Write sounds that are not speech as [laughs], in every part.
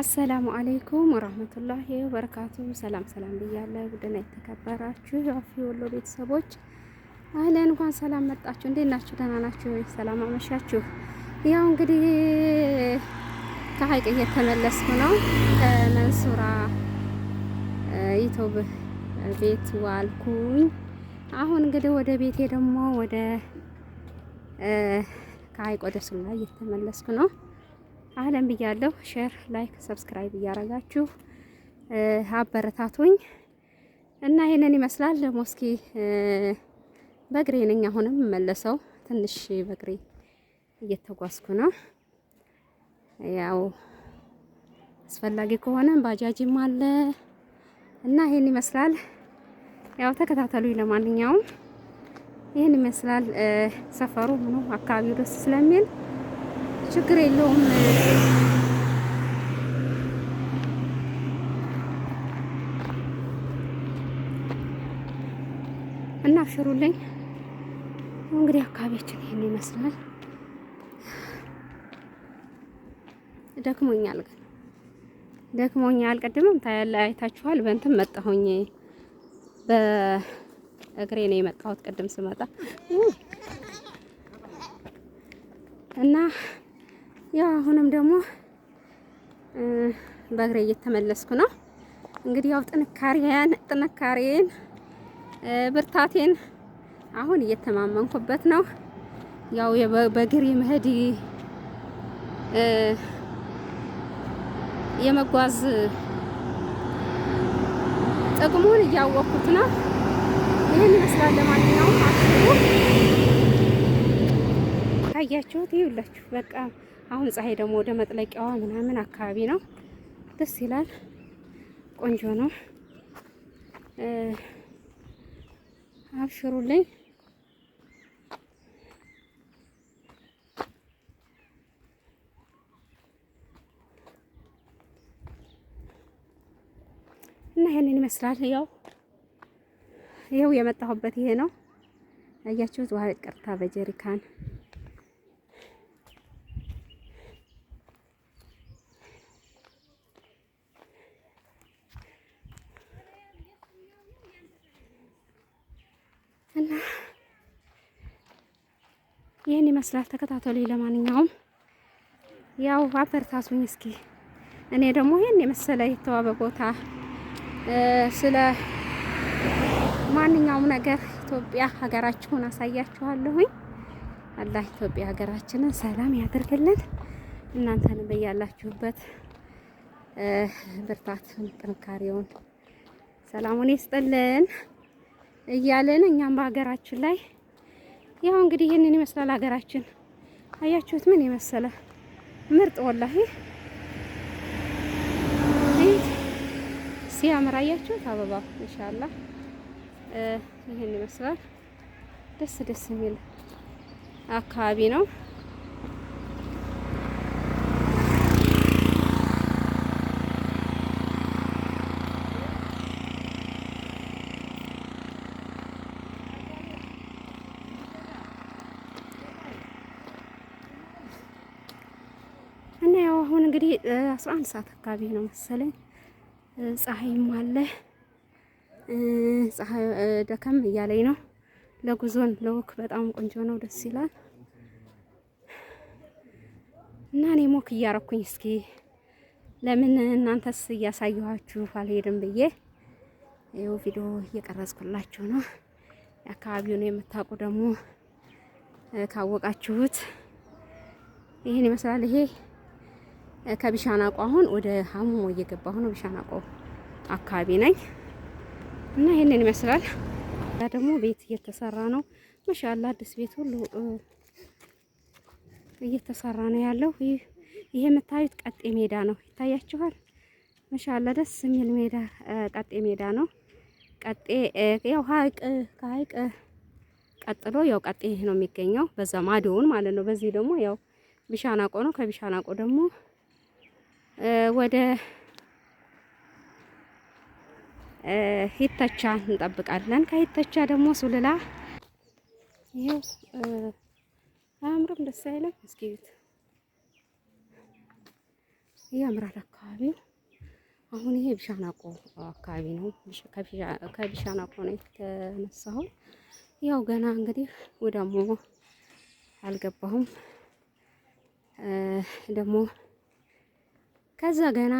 አሰላሙ አለይኩም ወራህመቱላሂ ወበረካቱ። ሰላም ሰላም ብያለሁ። ውድና የተከበራችሁ የአፊ ወሎ ቤተሰቦች አህለን እንኳን ሰላም መጣችሁ። እንዴት ናችሁ? ደህና ናችሁ? ሰላም አመሻችሁ። ያው እንግዲህ ከሀይቅ እየተመለስኩ ነው። መንሱራ ኢትዮብ ቤት ዋልኩኝ። አሁን እንግዲህ ወደ ቤቴ ደግሞ ወደ ከሀይቅ ወደ ሱላ እየተመለስኩ ነው። አለም ብያለሁ። ሼር፣ ላይክ፣ ሰብስክራይብ እያረጋችሁ አበረታቱኝ እና ይሄንን ይመስላል። ደግሞ እስኪ በእግሬ ነኝ አሁንም መለሰው ትንሽ በእግሬ እየተጓዝኩ ነው። ያው አስፈላጊ ከሆነ ባጃጅም አለ እና ይሄን ይመስላል። ያው ተከታተሉኝ። ለማንኛውም ይሄን ይመስላል ሰፈሩ ምኑ አካባቢው ደስ ስለሚል ችግር የለውም። እና አብሽሩልኝ። እንግዲህ አካባቢያችን ይሄን ይመስላል። ደክሞኛል፣ ግን ደክሞኛል። ቅድምም ታያለ አይታችኋል። በእንትን መጣሁኝ፣ በእግሬ ነው የመጣሁት ቅድም ስመጣ እና ያው አሁንም ደግሞ በእግሬ እየተመለስኩ ነው። እንግዲህ ያው ጥንካሬን ጥንካሬን ብርታቴን አሁን እየተማመንኩበት ነው። ያው በግሬ መሄድ የመጓዝ ጥቅሙን እያወቅኩት ነው። ይህን ይመስላል። ለማንኛውም አስቡ፣ ታያችሁት ይውላችሁ በቃ አሁን ፀሐይ ደግሞ ወደ መጥለቂያዋ ምናምን አካባቢ ነው። ደስ ይላል፣ ቆንጆ ነው። አብሽሩልኝ። እና ይሄንን ይመስላል። ያው ይኸው የመጣሁበት ይሄ ነው። አያችሁት፣ ውሃ ቀርታ በጀሪካን ይህን ይመስላል። ተከታተሉ። ለማንኛውም ያው አበርታቱኝ እስኪ እኔ ደግሞ ይህን የመሰለ የተዋበ ቦታ ስለ ማንኛውም ነገር ኢትዮጵያ ሀገራችሁን አሳያችኋለሁኝ። አላህ ኢትዮጵያ ሀገራችንን ሰላም ያደርግልን። እናንተን በያላችሁበት ብርታትን፣ ጥንካሬውን፣ ሰላሙን ይስጥልን እያልን እኛም በሀገራችን ላይ ያው እንግዲህ ይህንን ይመስላል ሀገራችን። አያችሁት? ምን የመሰለ ምርጥ ወላሂ ሲያምር አያችሁት? አበባ ኢንሻአላህ ይህን ይመስላል። ደስ ደስ የሚል አካባቢ ነው። አሁን እንግዲህ አስራ አንድ ሰዓት አካባቢ ነው መሰለኝ። ፀሐይም አለ ፀሐይ ደከም እያለኝ ነው። ለጉዞን ለወክ በጣም ቆንጆ ነው፣ ደስ ይላል። እና እኔ ሞክ እያረኩኝ እስኪ ለምን እናንተስ እያሳየኋችሁ አልሄድም ብዬ ይኸው ቪዲዮ እየቀረጽኩላችሁ ነው። ነው የምታውቁ ደግሞ ካወቃችሁት ይህን ይመስላል ይሄ ከቢሻናቆ አሁን ወደ ሀሙሞ እየገባሁ ነው። ቢሻናቆ አካባቢ ነኝ እና ይህንን ይመስላል። ደግሞ ቤት እየተሰራ ነው። ማሻአላ አዲስ ቤት ሁሉ እየተሰራ ነው ያለው። ይሄ የምታዩት ቀጤ ሜዳ ነው፣ ይታያችኋል። ማሻአላ ደስ የሚል ሜዳ ቀጤ ሜዳ ነው። ቀጤ ያው ሀይቅ ከሀይቅ ቀጥሎ ያው ቀጤ ነው የሚገኘው፣ በዛ ማዶውን ማለት ነው። በዚህ ደግሞ ያው ቢሻናቆ ነው። ከቢሻናቆ ደግሞ ወደ ሂተቻ እንጠብቃለን። ከሂተቻ ደግሞ ሱልላ ይሄው አያምርም? ደስ አይልም? እስኪ ያምራል አካባቢው። አሁን ይሄ ቢሻናቆ አካባቢ ነው። ከቢሻናቆ ነው የተነሳው። ያው ገና እንግዲህ ወደ አሞ አልገባሁም ደግሞ ከዛ ገና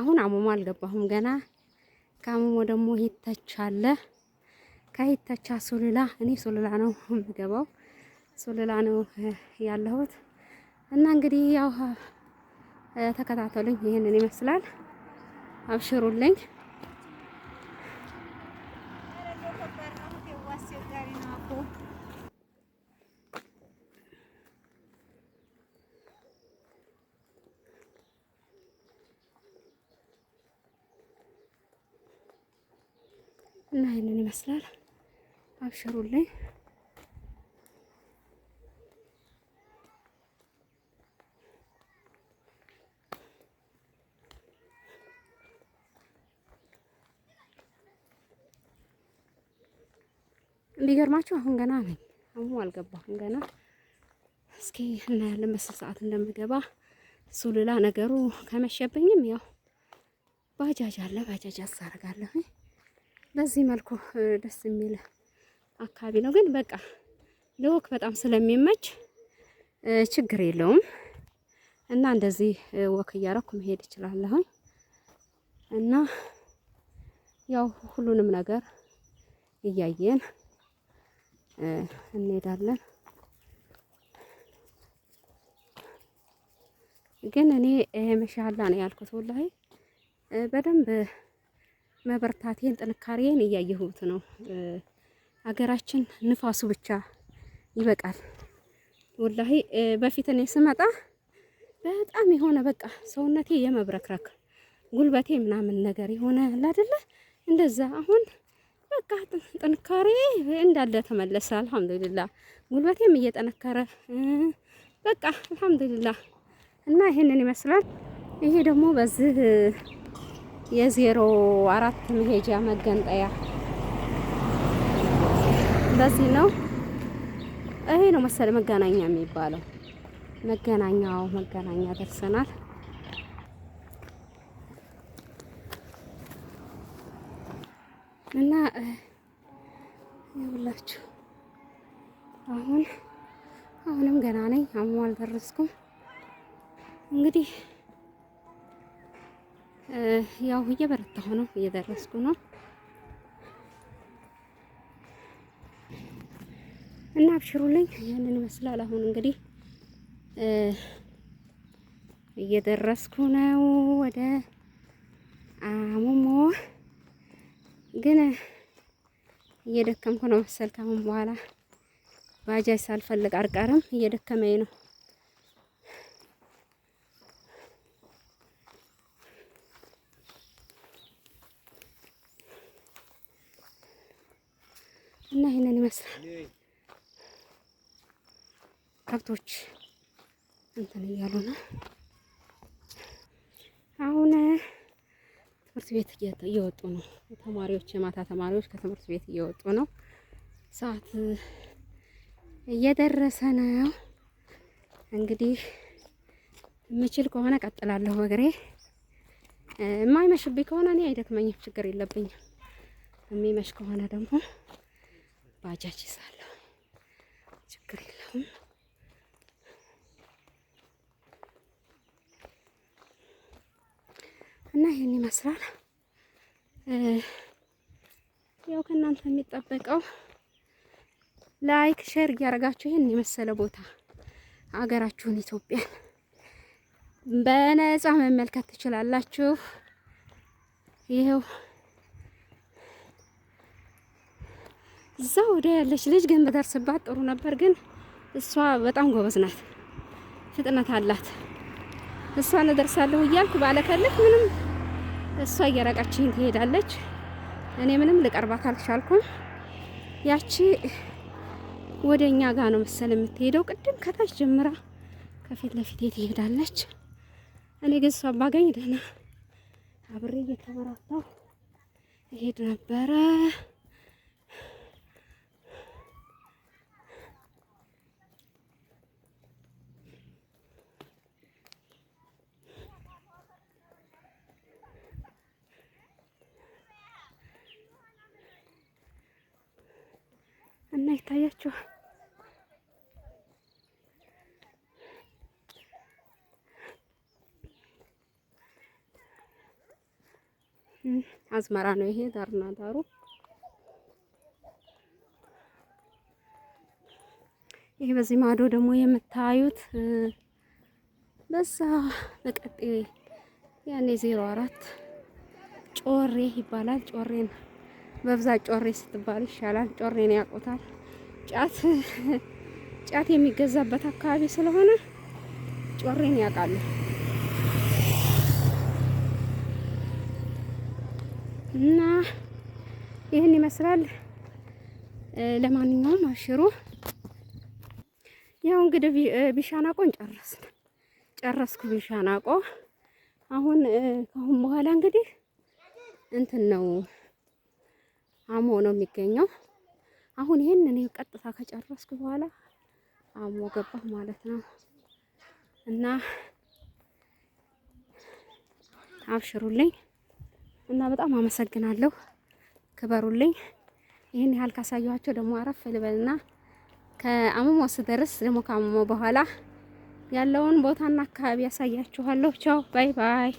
አሁን አሞማ አልገባሁም። ገና ከአሞሞ ደግሞ ሂታች አለ። ከሂታች እኔ ሶልላ ነው የምገባው፣ ሶልላ ነው ያለሁት። እና እንግዲህ ያው ተከታተሉኝ። ይህንን ይመስላል። አብሽሩልኝ። እና ይህንን ይመስላል። አብሽሩልኝ። እንዲገርማችሁ አሁን ገና ነኝ። አሁን አልገባሁም ገና። እስኪ እናያለን መስል ሰዓት እንደምገባ ሱልላ ነገሩ ከመሸብኝም ያው ባጃጅ አለ ባጃጅ አሳረጋለሁኝ። በዚህ መልኩ ደስ የሚል አካባቢ ነው። ግን በቃ ለወክ በጣም ስለሚመች ችግር የለውም እና እንደዚህ ወክ እያረኩ መሄድ እችላለሁ እና ያው ሁሉንም ነገር እያየን እንሄዳለን። ግን እኔ መሻላ ነው ያልኩት ወላሂ በደንብ መበርታቴን ጥንካሬን እያየሁት ነው። አገራችን ንፋሱ ብቻ ይበቃል። ወላሂ በፊት እኔ ስመጣ በጣም የሆነ በቃ ሰውነቴ የመብረክረክ ጉልበቴ ምናምን ነገር የሆነ አይደለ እንደዛ። አሁን በቃ ጥንካሬ እንዳለ ተመለሰ። አልሐምዱሊላ ጉልበቴም እየጠነከረ በቃ አልሐምዱሊላ እና ይሄንን ይመስላል። ይሄ ደግሞ በዚህ የዜሮ አራት መሄጃ መገንጠያ በዚህ ነው። ይሄ ነው መሰለ መገናኛ የሚባለው መገናኛው መገናኛ ደርሰናል። እና ይኸውላችሁ አሁን አሁንም ገና ነኝ። አሁን አልደረስኩም እንግዲህ ያው እየበረታሁ ነው፣ እየደረስኩ ነው እና አብሽሩልኝ። ያንን ይመስላል። አሁን እንግዲህ እየደረስኩ ነው ወደ አሙሞ። ግን እየደከምኩ ነው መሰል። ከአሁን በኋላ ባጃጅ ሳልፈልግ አልቀርም። እየደከመኝ ነው። እና ይህንን ይመስላል። ከብቶች እንትን እያሉ ነው። አሁን ትምህርት ቤት እየወጡ ነው ተማሪዎች፣ የማታ ተማሪዎች ከትምህርት ቤት እየወጡ ነው። ሰዓት እየደረሰ ነው። እንግዲህ የምችል ከሆነ ቀጥላለሁ በእግሬ። የማይመሽብኝ ከሆነ እኔ አይደክመኝም፣ ችግር የለብኝም። የሚመሽ ከሆነ ደግሞ ባጃጅ ይዛለሁ። ችግር የለውም። እና ይህን ይመስላል። ያው ከእናንተ የሚጠበቀው ላይክ፣ ሼር እያደረጋችሁ ይህን የመሰለ ቦታ ሀገራችሁን ኢትዮጵያን በነጻ መመልከት ትችላላችሁ። ይኸው እዛ ወደ ያለች ልጅ ግን በደርስባት ጥሩ ነበር። ግን እሷ በጣም ጎበዝ ናት፣ ፍጥነት አላት። እሷን እደርሳለሁ እያልኩ ባለከልክ ምንም እሷ እየራቀችኝ ትሄዳለች። እኔ ምንም ልቀርባ አልቻልኩም። ያቺ ወደ እኛ ጋ ነው መሰል የምትሄደው። ቅድም ከታች ጀምራ ከፊት ለፊቴ ትሄዳለች። እኔ ግን እሷ ባገኝ ደህና አብሬ እየተበራታሁ እሄድ ነበረ። እና ይታያችሁ አዝመራ ነው ይሄ ዳርና ዳሩ። ይሄ በዚህ ማዶ ደግሞ የምታዩት በዛ በቀጤ ያኔ ዜሮ አራት ጮሬ ይባላል። ጮሬ ነው። በብዛት ጮሬ ስትባል ይሻላል። ጮሬን ያውቁታል። ጫት [laughs] ጫት የሚገዛበት አካባቢ ስለሆነ ጮሬን ያውቃሉ። እና ይህን ይመስላል። ለማንኛውም አሽሩ ያው እንግዲህ ቢሻናቆን ጨረስን ጨረስኩ ቢሻናቆ። አሁን ከአሁን በኋላ እንግዲህ እንትን ነው አሞ ነው የሚገኘው። አሁን ይሄን እኔ ቀጥታ ከጨረስኩ በኋላ አሞ ገባ ማለት ነው እና አብሽሩልኝ እና በጣም አመሰግናለሁ። ክበሩልኝ። ይህን ያህል ካሳየኋቸው ደግሞ አረፍ ልበልና ከአመሞ ስደርስ ደግሞ ከአመሞ በኋላ ያለውን ቦታና አካባቢ ያሳያችኋለሁ። ቻው ባይ ባይ።